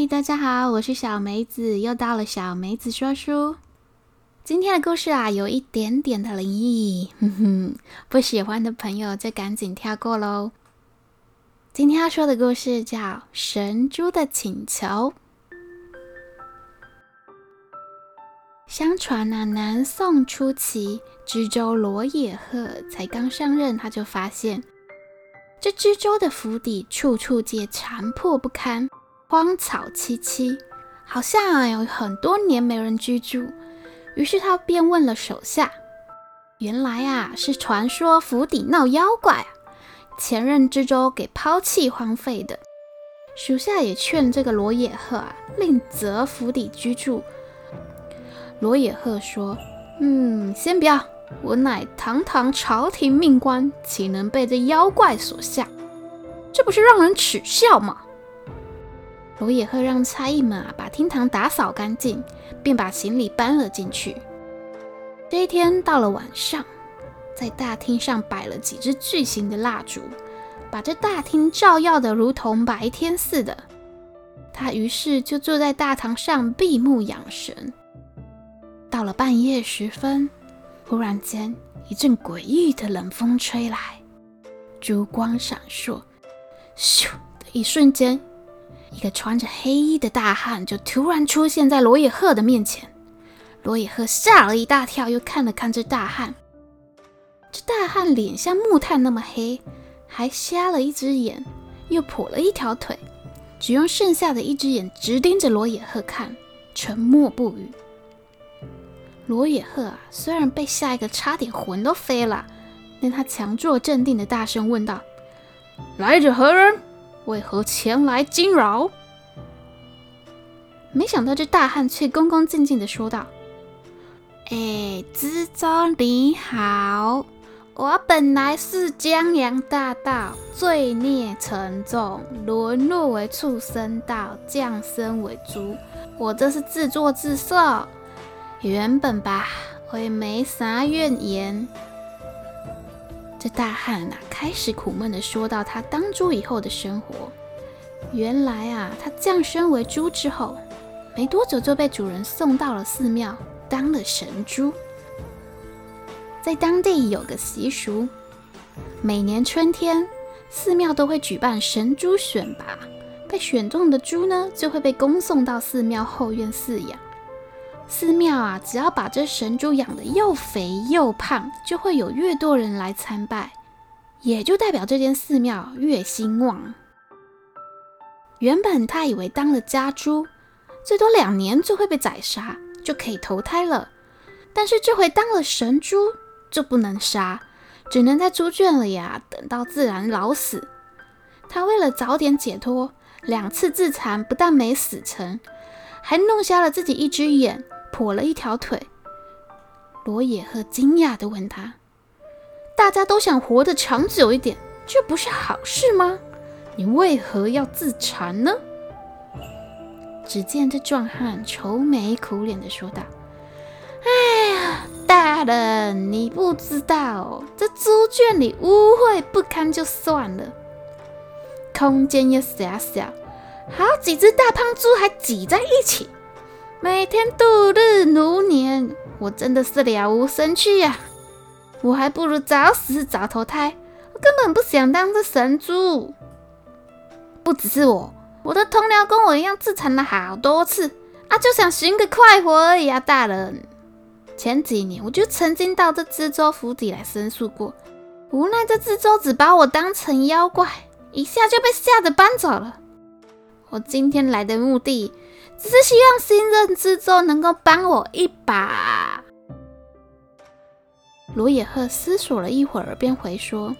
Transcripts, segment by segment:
Hey, 大家好，我是小梅子，又到了小梅子說書。今天的故事啊，有一點點的靈異，哼哼，不喜歡的朋友就趕緊跳過嘍。今天要說的故事叫《神豬的請求》。相傳啊，南宋初期，知州羅野鶴才剛上任，他就發現這知州的府邸處處皆殘破不堪。荒草萋萋，好像啊，有很多年沒人居住。於是他便問了手下：“原來啊，是傳說府邸鬧妖怪，啊，前任知州給拋棄荒廢的。”屬下也勸這個羅野鶴啊，另擇府邸居住。羅野鶴說：“嗯，先不要，我乃堂堂朝廷命官，豈能被這妖怪所嚇？這不是讓人恥笑嗎？”羅野鶴讓差役們啊把廳堂打掃乾淨，並把行李搬了進去。這一天到了晚上，在大廳上擺了幾支巨型的蠟燭，把這大廳照耀的如同白天似的。他於是就坐在大堂上閉目養神。到了半夜時分，忽然間一陣詭異的冷風吹來，燭光閃爍，咻的一瞬間。一個穿着黑衣的大漢就突然出現在羅野鶴的面前，羅野鶴嚇了一大跳，又看了看這大漢。這大漢臉像木炭那麼黑，還瞎了一隻眼，又跛了一條腿，只用剩下的一隻眼直盯着羅野鶴看，沉默不語。羅野鶴啊，雖然被嚇一個差點魂都飛了，但他強作鎮定的大聲問道：“來者何人？”為何前來驚擾？沒想到這大漢卻恭恭敬敬的說道：“哎，知州你好，我本來是江洋大盜，罪孽沉重，淪落為畜生道，降生為豬，我這是自作自受。原本吧，我也沒啥怨言。”這大漢呐、啊，開始苦悶地說到他當豬以後的生活。原來啊，他降生為豬之後，沒多久就被主人送到了寺廟，當了神豬。在當地有個習俗，每年春天，寺廟都會舉辦神豬選拔，被選中的豬呢，就會被恭送到寺廟後院飼養。寺廟啊，只要把這神豬養得又肥又胖，就會有越多人來參拜，也就代表這間寺廟越興旺。原本他以為當了家豬，最多兩年就會被宰殺，就可以投胎了。但是這回當了神豬，就不能殺，只能在豬圈裡啊，等到自然老死。他為了早點解脫，兩次自殘，不但沒死成，還弄瞎了自己一隻眼。跛了一條腿，羅野鶴驚訝的問他：“大家都想活得長久一點，這不是好事嗎？你為何要自殘呢？”只見這壯漢愁眉苦臉的說道：“哎呀，大人，你不知道哦，這豬圈裡污穢不堪，就算了，空間也狹小，好幾隻大胖豬還擠在一起。”每天度日如年，我真的是了無生趣呀、啊！我還不如早死早投胎，我根本不想當這神豬。不只是我，我的同僚跟我一樣自殘了好多次啊，就想尋個快活而已呀、啊，大人。前幾年我就曾經到這知州府邸來申訴過，無奈這知州只把我當成妖怪，一下就被嚇得搬走了。我今天來的目的，只是希望新任知州能夠幫我一把。羅野鶴思索了一會兒，便回說：“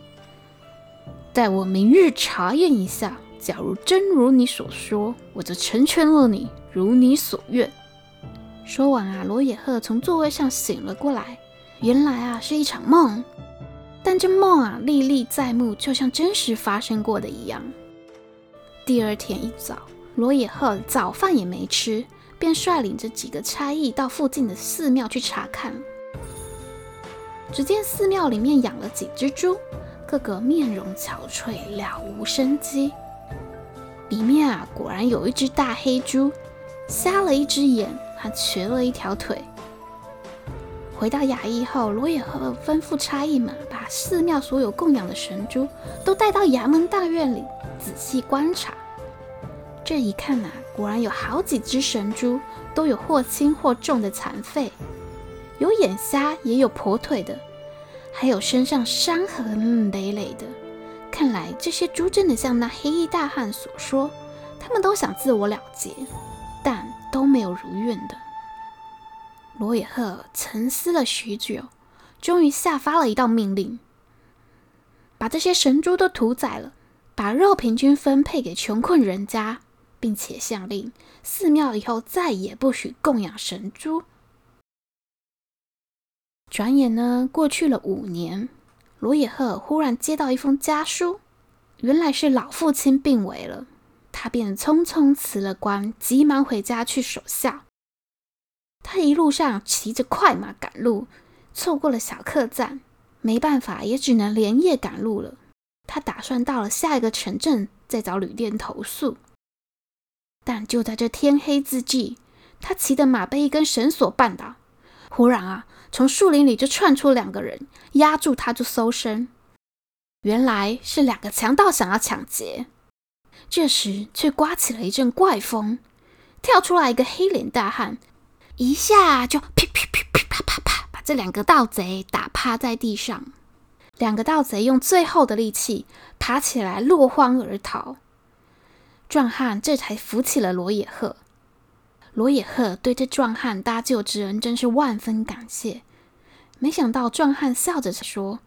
待我明日查驗一下，假如真如你所說，我就成全了你，如你所願。”說完啊，羅野鶴從座位上醒了過來，原來啊是一場夢，但這夢啊歷歷在目，就像真實發生過的一樣。第二天一早。羅野鶴早飯也沒吃，便率領着幾個差役到附近的寺廟去查看。只見寺廟裡面養了幾只豬，個個面容憔悴，了無生機。裡面啊，果然有一只大黑豬，瞎了一只眼，還瘸了一條腿。回到衙役後，羅野鶴吩咐差役們把寺廟所有供養的神豬都帶到衙門大院裡仔細觀察。這一看啊，果然有好幾只神豬都有或輕或重的殘廢，有眼瞎也有跛腿的，還有身上傷痕累累的。看來這些豬真的像那黑衣大漢所說，他們都想自我了結，但都沒有如願的。羅野鶴沉思了許久，終於下發了一道命令：把這些神豬都屠宰了，把肉平均分配給窮困人家。並且下令，寺廟以後再也不許供養神豬。轉眼呢，過去了五年。羅野鶴忽然接到一封家書，原來是老父親病危了。他便匆匆辭了官，急忙回家去守孝。他一路上騎着快馬趕路，錯過了小客棧，沒辦法，也只能連夜趕路了。他打算到了下一個城鎮，再找旅店投宿。但就在這天黑之際，他騎的馬被一根繩索絆倒。忽然啊，從樹林裡就竄出兩個人，壓住他就搜身。原來是兩個強盜想要搶劫。這時卻刮起了一陣怪風，跳出來一個黑臉大漢，一下就噼噼噼噼啪啪啪,啪,啪,啪,啪,啪,啪把這兩個盜賊打趴在地上。兩個盜賊用最後的力氣爬起來，落荒而逃。壯漢這才扶起了羅野鶴。羅野鶴對這壯漢搭救之恩真是萬分感謝。沒想到壯漢笑着說：“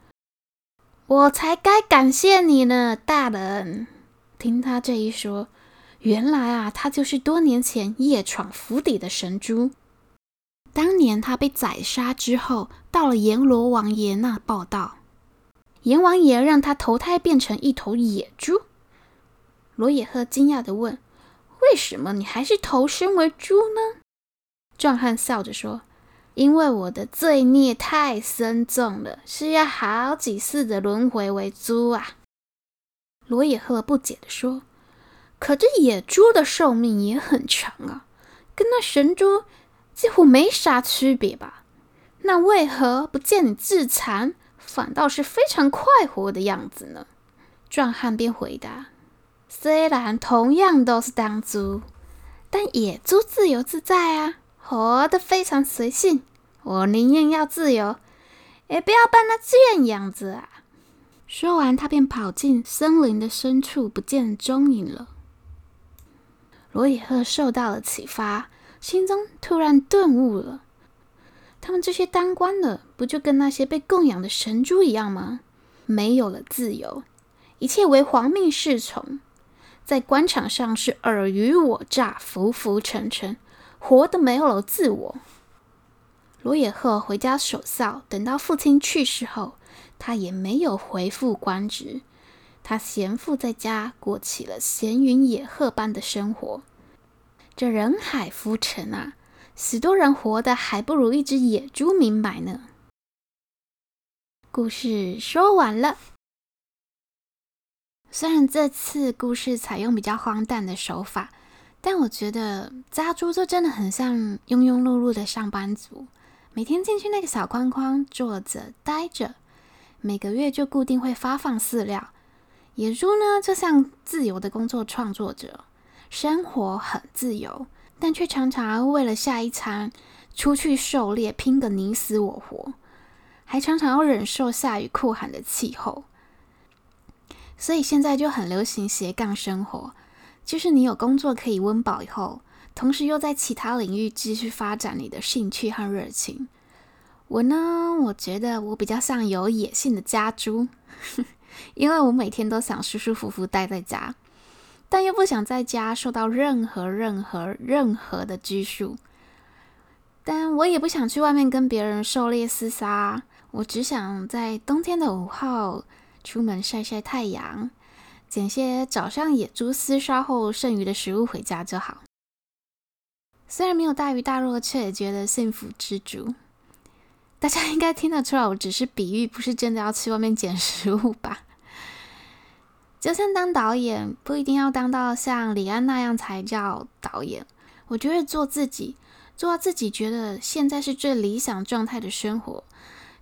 我才該感謝你呢，大人。”聽他這一說，原來啊，他就是多年前夜闖府邸的神豬。當年他被宰殺之後，到了閻羅王爺那報道，閻王爺讓他投胎變成一頭野豬。羅野鶴驚訝地問：“為什麼你還是投身為豬呢？”壯漢笑着說：“因為我的罪孽太深重了，需要好幾次的輪迴為豬啊。”羅野鶴不解地說：“可這野豬的壽命也很長啊，跟那神豬幾乎沒啥區別吧？那為何不見你自殘，反倒是非常快活的樣子呢？”壯漢便回答雖然同樣都是當豬，但野豬自由自在啊，活得非常隨性。我寧願要自由，也不要被那圈養著啊！說完，他便跑進森林的深處，不見蹤影了。羅野鶴受到了啟發，心中突然頓悟了：他們這些當官的，不就跟那些被供養的神豬一樣嗎？沒有了自由，一切唯皇命是從。在官場上是爾虞我詐、浮浮沉沉，活得沒有了自我。羅野鶴回家守孝，等到父親去世後，他也沒有恢復官職，他閒賦在家，過起了閒雲野鶴般的生活。這人海浮沉啊，許多人活得還不如一只野豬明白呢。故事說完了。雖然這次故事採用比較荒誕的手法，但我覺得家豬就真的很像庸庸碌碌的上班族，每天進去那個小框框坐着待着，每個月就固定會發放飼料。野豬呢，就像自由的工作創作者，生活很自由，但卻常常要為了下一餐出去狩獵拼個你死我活，還常常要忍受下雨酷寒的氣候。所以現在就很流行斜槓生活，就是你有工作可以溫飽以後，同時又在其他領域繼續發展你的興趣和熱情。我呢，我覺得我比較像有野性的家豬，呵呵，因為我每天都想舒舒服服待在家，但又不想在家受到任何任何任何的拘束。但我也不想去外面跟別人狩獵廝殺，我只想在冬天的午後。出門曬曬太陽，撿些早上野豬廝殺後剩餘的食物回家就好。雖然沒有大魚大肉，卻也覺得幸福知足。大家應該聽得出來，我只是比喻，不是真的要去外面撿食物吧？就像當導演，不一定要當到像李安那樣才叫導演。我覺得做自己，做到自己覺得現在是最理想狀態的生活，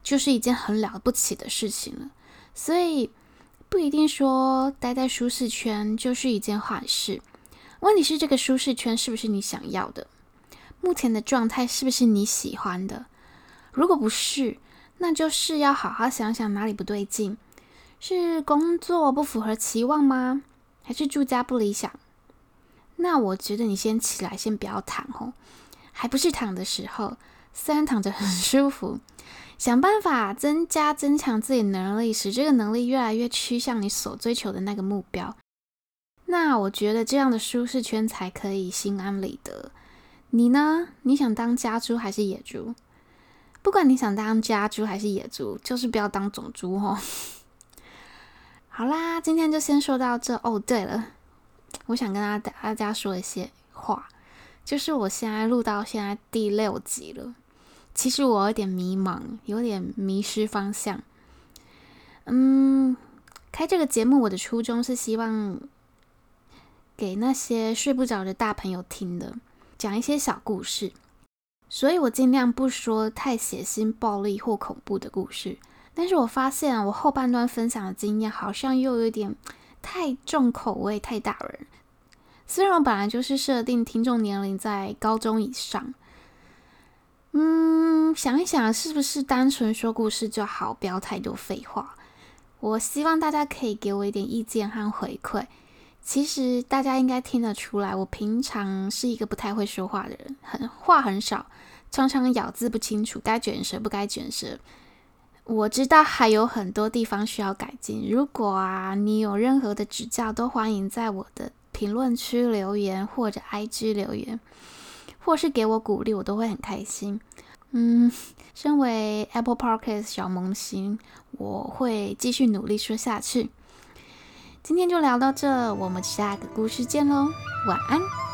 就是一件很了不起的事情了。所以不一定說待在舒適圈就是一件壞事。問題是這個舒適圈是不是你想要的？目前的狀態是不是你喜歡的？如果不是，那就是要好好想想哪裡不對勁。是工作不符合期望嗎？還是住家不理想？那我覺得你先起來，先不要躺哦。還不是躺的時候，雖然躺着很舒服。 想辦法增加、增強自己能力，使這個能力越來越趨向你所追求的那個目標。那我覺得這樣的舒適圈才可以心安理得。你呢？你想當家豬還是野豬？不管你想當家豬還是野豬，就是不要當種豬哦。 好啦，今天就先說到這哦。對了，我想跟大大家說一些話，就是我現在錄到現在第六集了。其實我有點迷茫，有點迷失方向。嗯，開這個節目我的初衷是希望給那些睡不着的大朋友聽的，講一些小故事。所以我盡量不說太血腥、暴力或恐怖的故事。但是我發現我後半段分享的經驗好像又有點太重口味、太大人。雖然我本來就是設定聽眾年齡在高中以上。嗯，想一想，是不是單純說故事就好，不要太多廢話？我希望大家可以給我一點意見和回饋。其實大家應該聽得出來，我平常是一個不太會說話的人，很話很少，常常咬字不清楚，該捲舌不該捲舌。我知道還有很多地方需要改進。如果啊，你有任何的指教，都歡迎在我的評論區留言或者 IG 留言。或是給我鼓勵，我都會很開心。嗯，身為 Apple Podcast 小萌新，我會繼續努力說下去。今天就聊到這，我們下個故事見嘍，晚安。